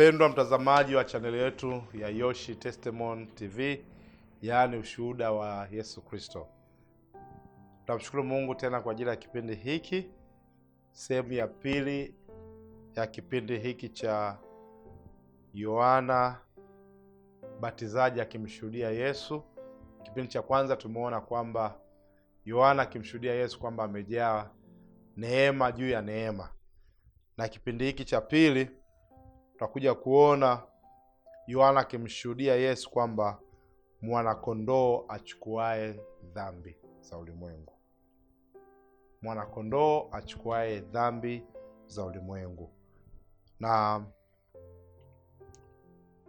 Mpendwa mtazamaji wa chaneli yetu ya Yoshi Testimony TV, yaani ushuhuda wa Yesu Kristo, tunamshukuru Mungu tena kwa ajili ya kipindi hiki, sehemu ya pili ya kipindi hiki cha Yohana Batizaji akimshuhudia Yesu. Kipindi cha kwanza tumeona kwamba Yohana akimshuhudia Yesu kwamba amejaa neema juu ya neema, na kipindi hiki cha pili Tutakuja kuona Yohana akimshuhudia Yesu kwamba mwanakondoo achukuae dhambi za ulimwengu, mwanakondoo achukuae dhambi za ulimwengu. Na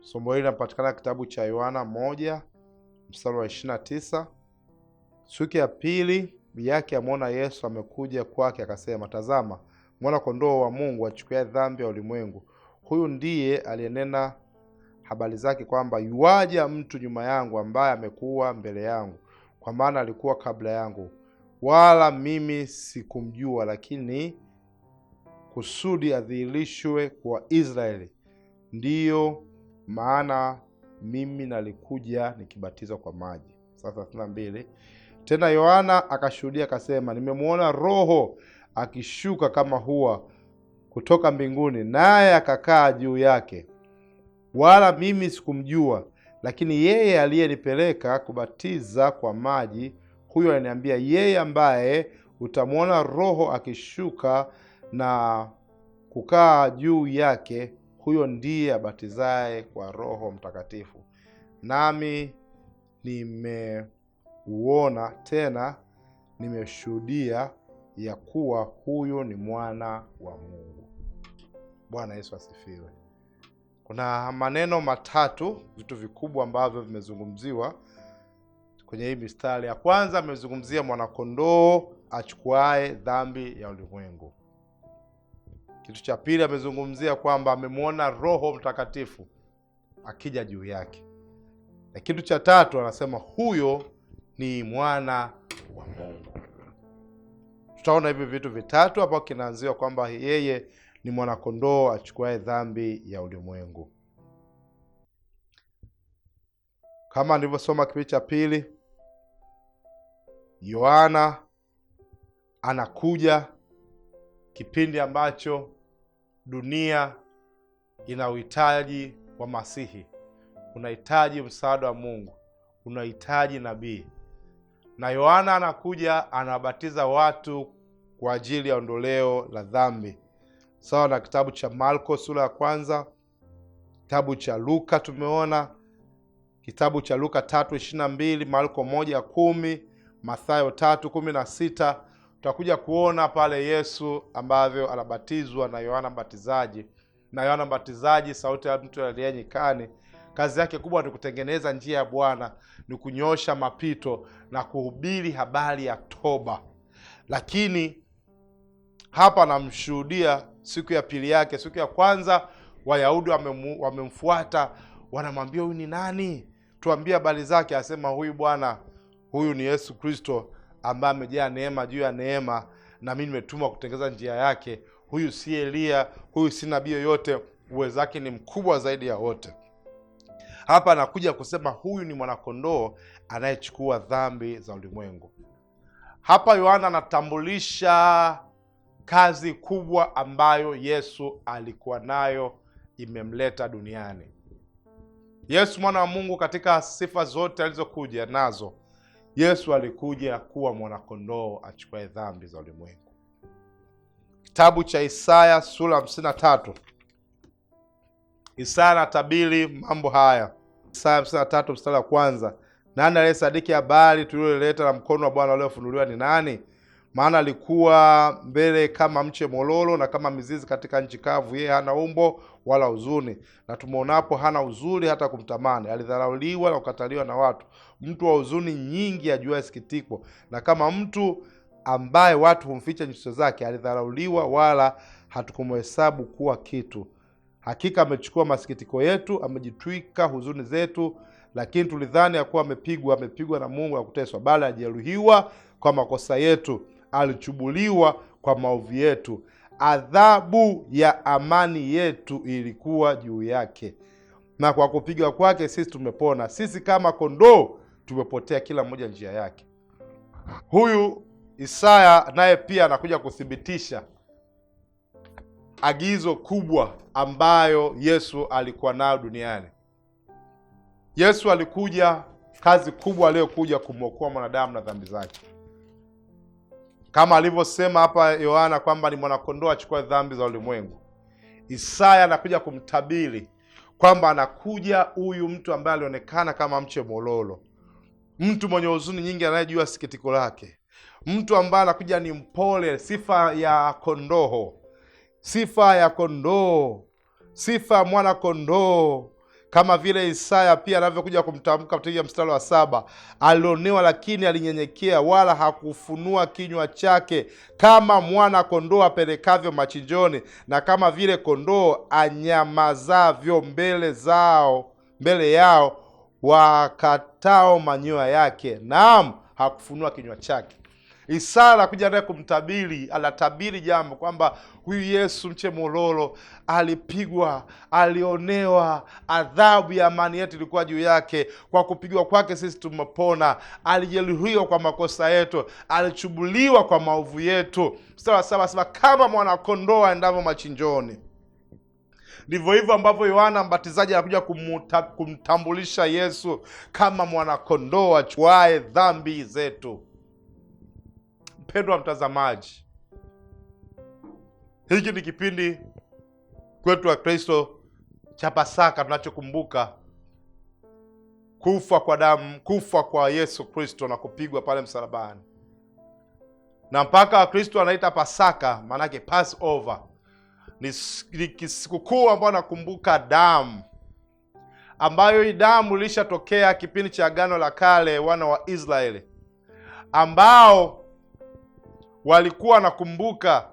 somo hili linapatikana kitabu cha Yohana moja mstari wa ishirini na tisa. Siku ya pili yake amwona Yesu amekuja kwake, akasema, tazama mwana kondoo wa Mungu achukuae dhambi ya ulimwengu. Huyu ndiye aliyenena habari zake kwamba yuaja mtu nyuma yangu ambaye amekuwa mbele yangu, kwa maana alikuwa kabla yangu, wala mimi sikumjua, lakini kusudi adhihirishwe kwa Israeli. Ndiyo maana mimi nalikuja nikibatiza kwa maji. Sasa thelathini mbili. Tena Yohana akashuhudia akasema, nimemwona Roho akishuka kama hua kutoka mbinguni, naye akakaa juu yake. Wala mimi sikumjua, lakini yeye aliyenipeleka kubatiza kwa maji, huyo aliniambia, yeye ambaye utamwona Roho akishuka na kukaa juu yake, huyo ndiye abatizaye kwa Roho Mtakatifu. Nami nimeuona tena nimeshuhudia ya kuwa huyu ni mwana wa Mungu. Bwana Yesu asifiwe. Kuna maneno matatu, vitu vikubwa ambavyo vimezungumziwa kwenye hii mistari. Ya kwanza amezungumzia mwanakondoo achukuae dhambi ya ulimwengu. Kitu cha pili amezungumzia kwamba amemwona Roho Mtakatifu akija juu yake, na kitu cha tatu anasema huyo ni mwana wa Mungu. Tutaona hivi vitu vitatu hapo, kinaanziwa kwamba yeye ni mwanakondoo achukuaye dhambi ya ulimwengu. Kama nilivyosoma kipindi cha pili, Yohana anakuja kipindi ambacho dunia ina uhitaji wa Masihi, unahitaji msaada wa Mungu, unahitaji nabii, na Yohana anakuja anawabatiza watu kwa ajili ya ondoleo la dhambi sawa na kitabu cha Marko sura ya kwanza, kitabu cha Luka tumeona kitabu cha Luka tatu ishirini na mbili Marko moja kumi Mathayo tatu kumi na sita kuona pale Yesu ambavyo anabatizwa na Yohana Mbatizaji, na Yohana Mbatizaji, sauti ya mtu aliyenyikani kazi yake kubwa ni kutengeneza njia ya Bwana, ni kunyosha mapito na kuhubiri habari ya toba. Lakini hapa anamshuhudia Siku ya pili yake, siku ya kwanza Wayahudi wamemfuata wanamwambia, huyu ni nani? Tuambie habari zake. Asema, huyu bwana, huyu ni Yesu Kristo ambaye amejaa neema juu ya neema, na mimi nimetumwa kutengeza njia yake. Huyu si Eliya, huyu si nabii yoyote, uwezake ni mkubwa zaidi ya wote. Hapa anakuja kusema huyu ni mwanakondoo anayechukua dhambi za ulimwengu. Hapa Yohana anatambulisha kazi kubwa ambayo Yesu alikuwa nayo imemleta duniani. Yesu mwana wa Mungu, katika sifa zote alizokuja nazo, Yesu alikuja kuwa mwanakondoo achukue dhambi za ulimwengu. Kitabu cha Isaya sura 53, Isaya anatabiri mambo haya. Isaya 53 mstari wa kwanza, nani aliyesadiki habari tuliyoleta na mkono wa Bwana uliofunuliwa ni nani? maana alikuwa mbele kama mche mololo na kama mizizi katika nchi kavu, yeye hana umbo wala huzuni, na tumwonapo hana uzuri hata kumtamani. Alidharauliwa na kukataliwa na watu, mtu wa huzuni nyingi, ajua sikitiko, na kama mtu ambaye watu humficha nyuso zake. Alidharauliwa wala hatukumhesabu kuwa kitu. Hakika amechukua masikitiko yetu, amejitwika huzuni zetu. Lakini tulidhani ya kuwa amepigwa, amepigwa na Mungu na kuteswa, bali ajeruhiwa kwa makosa yetu alichubuliwa kwa maovu yetu, adhabu ya amani yetu ilikuwa juu yake, na kwa kupigwa kwake sisi tumepona. Sisi kama kondoo tumepotea, kila mmoja njia yake. Huyu Isaya naye pia anakuja kuthibitisha agizo kubwa ambayo Yesu alikuwa nayo duniani. Yesu alikuja, kazi kubwa aliyokuja kumwokoa mwanadamu na dhambi zake kama alivyosema hapa Yohana kwamba ni mwanakondoo achukua dhambi za ulimwengu. Isaya anakuja kumtabiri kwamba anakuja huyu mtu ambaye alionekana kama mche mololo, mtu mwenye huzuni nyingi, anayejua sikitiko lake, mtu ambaye anakuja ni mpole, sifa ya kondoho, sifa ya kondoo, sifa ya mwana kondoo kama vile Isaya pia anavyokuja kumtamka katika mstari wa saba, alionewa lakini alinyenyekea, wala hakufunua kinywa chake. Kama mwana kondoo apelekavyo machinjoni, na kama vile kondoo anyamazavyo mbele zao mbele yao wakatao manyoya yake, naam, hakufunua kinywa chake isara kuja naye kumtabiri, anatabiri jambo kwamba huyu Yesu mche mololo alipigwa, alionewa, adhabu ya amani yetu ilikuwa juu yake, kwa kupigwa kwake sisi tumepona, alijeruhiwa kwa makosa yetu, alichubuliwa kwa maovu yetu. Mstari wa saba sema kama mwanakondoo aendavyo machinjoni ndivyo hivyo ambavyo Yohana Mbatizaji anakuja kumtambulisha Yesu kama mwanakondoo achuae dhambi zetu. Mpendwa mtazamaji, hiki ni kipindi kwetu wa Kristo cha Pasaka, tunachokumbuka kufa kwa damu, kufa kwa Yesu Kristo na kupigwa pale msalabani, na mpaka Wakristo anaita Pasaka, maanake Passover ni, ni sikukuu ambayo anakumbuka damu ambayo hii damu ilishatokea kipindi cha Agano la Kale, wana wa Israeli ambao walikuwa wanakumbuka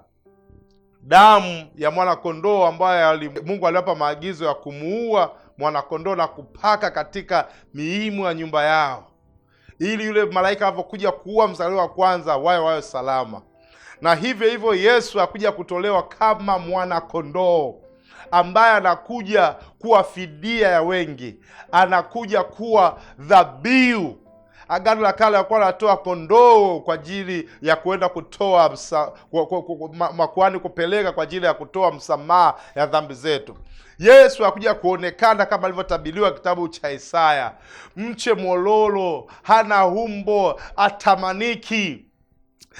damu ya mwanakondoo ambayo Mungu aliwapa maagizo ya kumuua mwanakondoo na kupaka katika miimo ya nyumba yao, ili yule malaika alipokuja kuua mzaliwa wa kwanza wawe wayo salama. Na hivyo hivyo Yesu akuja kutolewa kama mwanakondoo ambaye anakuja kuwa fidia ya wengi, anakuja kuwa dhabihu Agano la Kale alikuwa anatoa kondoo kwa ajili ya kuenda kutoa msa, kupeleka kwa ajili ya kutoa msamaha ya dhambi zetu. Yesu akuja kuonekana kama alivyotabiriwa kitabu cha Isaya, mche mololo hana umbo, atamaniki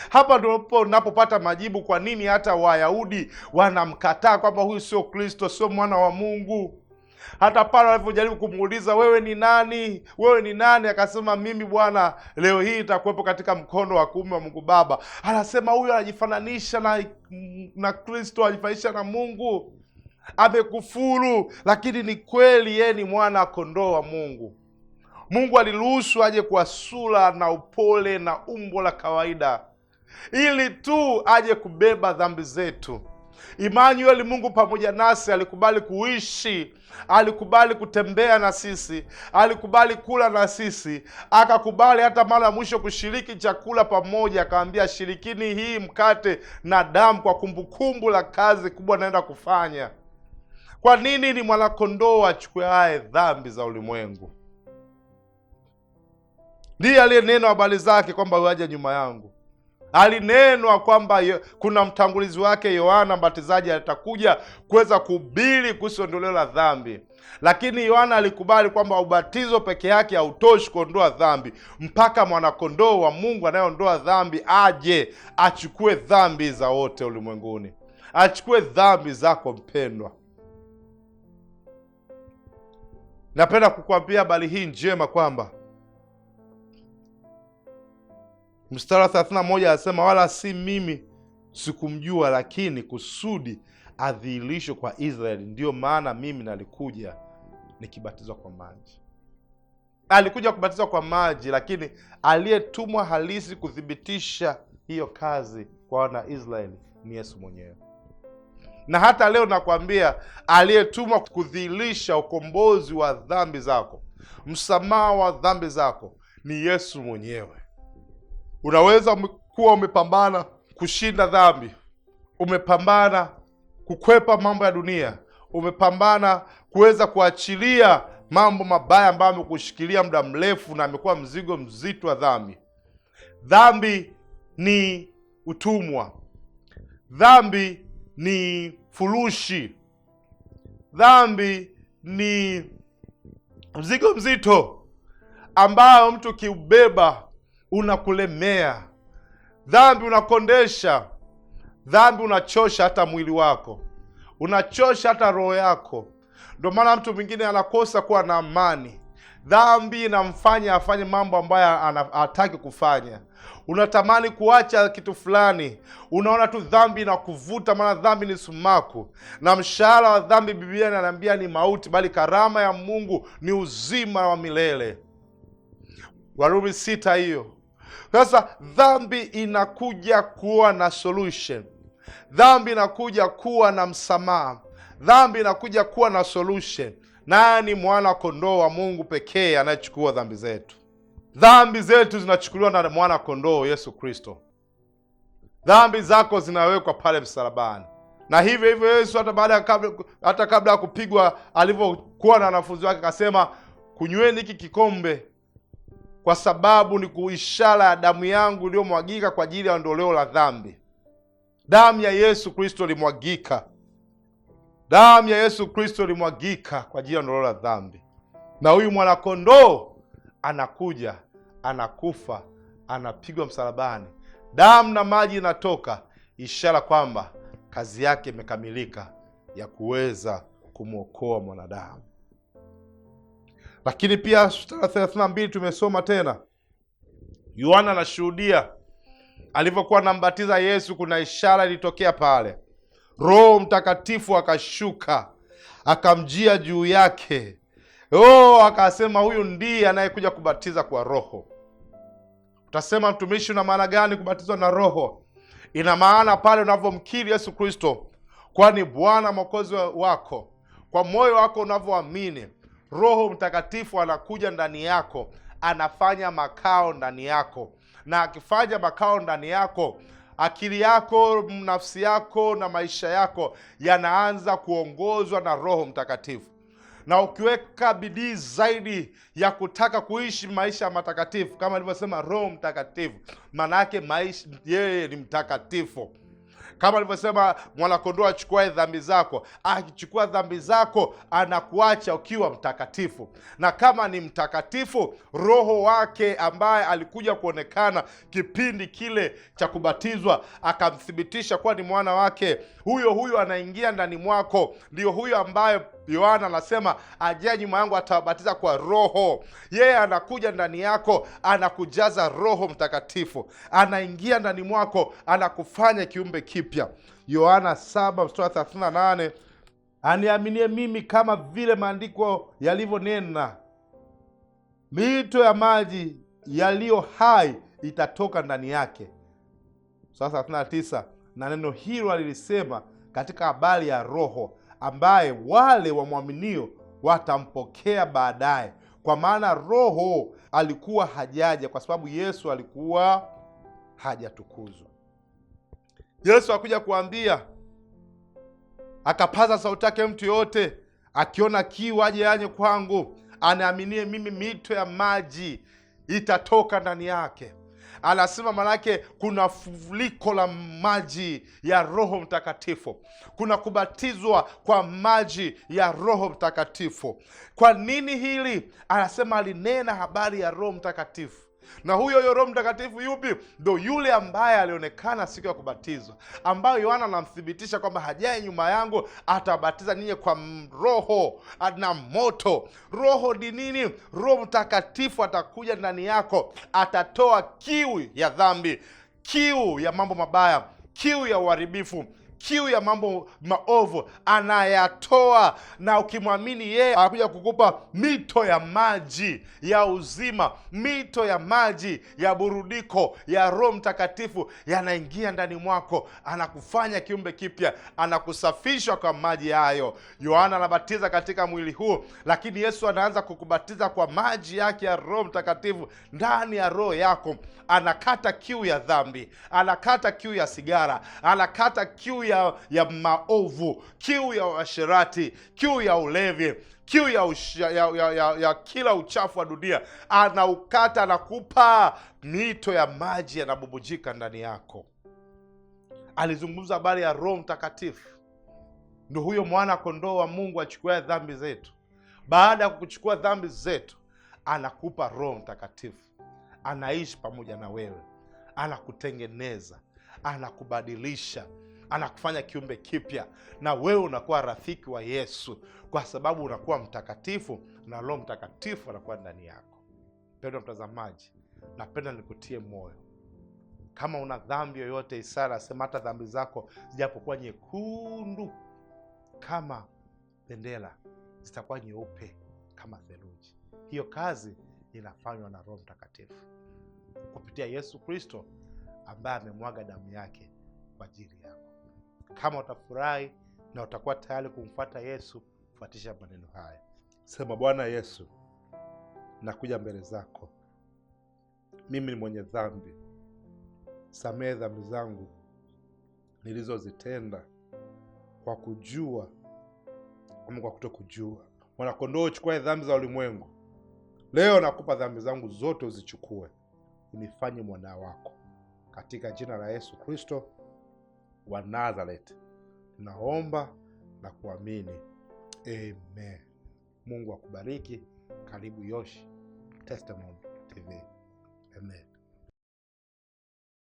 hapa ndipo napopata majibu kwa nini hata Wayahudi wanamkataa kwamba huyu sio Kristo, sio mwana wa Mungu hata pale walipojaribu kumuuliza wewe ni nani, wewe ni nani, akasema mimi Bwana leo hii itakuwepo katika mkono wa kuume wa Mungu Baba. Anasema huyo anajifananisha na na Kristo, anajifananisha na Mungu, amekufuru. Lakini ni kweli, yeye ni mwana kondoo wa Mungu. Mungu aliruhusu aje kwa sura na upole na umbo la kawaida ili tu aje kubeba dhambi zetu. Emmanuel, Mungu pamoja nasi, alikubali kuishi, alikubali kutembea na sisi, alikubali kula na sisi, akakubali hata mara ya mwisho kushiriki chakula pamoja, akaambia shirikini hii mkate na damu kwa kumbukumbu la kazi kubwa naenda kufanya. Kwa nini? Ni mwanakondoo achukuaye dhambi za ulimwengu. Ndiye aliyenena habari zake kwamba waje nyuma yangu alinenwa kwamba kuna mtangulizi wake Yohana Mbatizaji atakuja kuweza kuhubiri kuhusu ondoleo la dhambi, lakini Yohana alikubali kwamba ubatizo peke yake hautoshi kuondoa dhambi, mpaka mwanakondoo wa Mungu anayeondoa dhambi aje achukue dhambi za wote ulimwenguni, achukue dhambi zako mpendwa. Napenda kukuambia habari hii njema kwamba mstari wa 31 anasema, wala si mimi sikumjua, lakini kusudi adhihirishwe kwa Israeli, ndiyo maana mimi nalikuja nikibatizwa kwa maji. Alikuja kubatizwa kwa maji, lakini aliyetumwa halisi kuthibitisha hiyo kazi kwa wana Israeli ni Yesu mwenyewe. Na hata leo nakwambia, aliyetumwa kudhihirisha ukombozi wa dhambi zako, msamaha wa dhambi zako ni Yesu mwenyewe. Unaweza kuwa umepambana kushinda dhambi, umepambana kukwepa mambo ya dunia, umepambana kuweza kuachilia mambo mabaya ambayo amekushikilia muda mrefu na amekuwa mzigo mzito wa dhambi. Dhambi ni utumwa, dhambi ni furushi, dhambi ni mzigo mzito ambayo mtu kiubeba unakulemea, dhambi unakondesha, dhambi unachosha hata mwili wako, unachosha hata roho yako. Ndio maana mtu mwingine anakosa kuwa na amani. Dhambi inamfanya afanye mambo ambayo hataki kufanya. Unatamani kuacha kitu fulani, unaona tu dhambi inakuvuta, maana dhambi ni sumaku, na mshahara wa dhambi, Biblia inaniambia ni mauti, bali karama ya Mungu ni uzima wa milele. Warumi sita hiyo sasa dhambi inakuja kuwa na solution, dhambi inakuja kuwa na msamaha, dhambi inakuja kuwa na solution. Nani? Mwana kondoo wa Mungu pekee anayechukua dhambi zetu. Dhambi zetu zinachukuliwa na mwana kondoo Yesu Kristo. Dhambi zako zinawekwa pale msalabani, na hivyo hivyo Yesu hata baada ya hata kabla ya kupigwa alivyokuwa na wanafunzi wake akasema, kunyweni hiki kikombe kwa sababu ni kuishara ya damu yangu iliyomwagika kwa ajili ya ondoleo la dhambi. Damu ya Yesu Kristo ilimwagika, damu ya Yesu Kristo ilimwagika kwa ajili ya ondoleo la dhambi, na huyu mwanakondoo anakuja, anakufa, anapigwa msalabani, damu na maji inatoka, ishara kwamba kazi yake imekamilika ya kuweza kumwokoa mwanadamu. Lakini pia sura thelathini na mbili tumesoma tena, Yohana anashuhudia alivyokuwa anambatiza Yesu, kuna ishara ilitokea pale, Roho Mtakatifu akashuka akamjia juu yake. Oh, akasema huyu ndiye anayekuja kubatiza kwa Roho. Utasema mtumishi, una maana gani kubatizwa na Roho? Ina maana pale unavyomkiri Yesu Kristo kwani Bwana Mwokozi wako kwa moyo wako unavyoamini Roho Mtakatifu anakuja ndani yako, anafanya makao ndani yako, na akifanya makao ndani yako akili yako, nafsi yako na maisha yako yanaanza kuongozwa na Roho Mtakatifu. Na ukiweka bidii zaidi ya kutaka kuishi maisha ya matakatifu, kama alivyosema Roho Mtakatifu, maana yake maisha, yeye ni mtakatifu kama alivyosema mwanakondoo achukuae dhambi zako. Akichukua dhambi zako, anakuacha ukiwa mtakatifu, na kama ni mtakatifu, Roho wake ambaye alikuja kuonekana kipindi kile cha kubatizwa, akamthibitisha kuwa ni mwana wake, huyo huyo anaingia ndani mwako, ndio huyo ambaye Yohana anasema ajia nyuma yangu atawabatiza kwa Roho. Yeye anakuja ndani yako, anakujaza Roho Mtakatifu, anaingia ndani mwako, anakufanya kiumbe kipya. Yohana 7 mstari 38, aniaminie mimi kama vile maandiko yalivyonena, mito ya maji yaliyo hai itatoka ndani yake. Sasa 39, na neno hilo alilisema katika habari ya Roho ambaye wale wamwaminio watampokea baadaye, kwa maana Roho alikuwa hajaja kwa sababu Yesu alikuwa hajatukuzwa. Yesu akuja kuambia, akapaza sauti yake, mtu yoyote akiona kiu aje anye kwangu, anaaminie mimi, mito ya maji itatoka ndani yake anasema manake kuna fuliko la maji ya Roho Mtakatifu, kuna kubatizwa kwa maji ya Roho Mtakatifu. Kwa nini hili? Anasema alinena habari ya Roho Mtakatifu na huyo huyo Roho Mtakatifu yupi? Ndo yule ambaye alionekana siku ya kubatizwa, ambayo Yohana anamthibitisha kwamba hajaye nyuma yangu atabatiza ninyi kwa roho na moto. Roho ni nini? Roho Mtakatifu atakuja ndani yako, atatoa kiu ya dhambi, kiu ya mambo mabaya, kiu ya uharibifu kiu ya mambo maovu anayatoa, na ukimwamini yeye anakuja kukupa mito ya maji ya uzima, mito ya maji ya burudiko ya Roho Mtakatifu yanaingia ndani mwako, anakufanya kiumbe kipya, anakusafishwa kwa maji hayo. Yohana anabatiza katika mwili huu, lakini Yesu anaanza kukubatiza kwa maji yake ya Roho Mtakatifu ndani ya roho yako. Anakata kiu ya dhambi, anakata kiu ya sigara, anakata kiu ya ya, ya maovu, kiu ya uasherati, kiu ya ulevi, kiu ya, usha, ya, ya, ya, ya kila uchafu wa dunia, anaukata anakupa mito ya maji yanabubujika ndani yako. Alizungumza habari ya Roho Mtakatifu, ndo huyo mwana kondoo wa Mungu achukua dhambi zetu. Baada ya kuchukua dhambi zetu, anakupa Roho Mtakatifu, anaishi pamoja na wewe, anakutengeneza, anakubadilisha anakufanya kiumbe kipya, na wewe unakuwa rafiki wa Yesu kwa sababu unakuwa mtakatifu na Roho Mtakatifu anakuwa ndani yako. pendwa mtazamaji, napenda nikutie moyo, kama una dhambi yoyote, isara asema hata dhambi zako zijapokuwa nyekundu kama bendera zitakuwa nyeupe kama theluji. Hiyo kazi inafanywa na Roho Mtakatifu kupitia Yesu Kristo ambaye amemwaga damu yake kwa ajili yako. Kama utafurahi na utakuwa tayari kumfuata Yesu, fuatisha maneno haya, sema: Bwana Yesu, nakuja mbele zako, mimi ni mwenye dhambi, samehe dhambi zangu nilizozitenda kwa kujua ama kwa kuto kujua. Mwanakondoo uchukue dhambi za ulimwengu, leo nakupa dhambi zangu zote, uzichukue, unifanye mwana wako, katika jina la Yesu Kristo wa Nazareth. Naomba na kuamini, amen. Mungu akubariki. Karibu Yoshi Testimony TV, amen.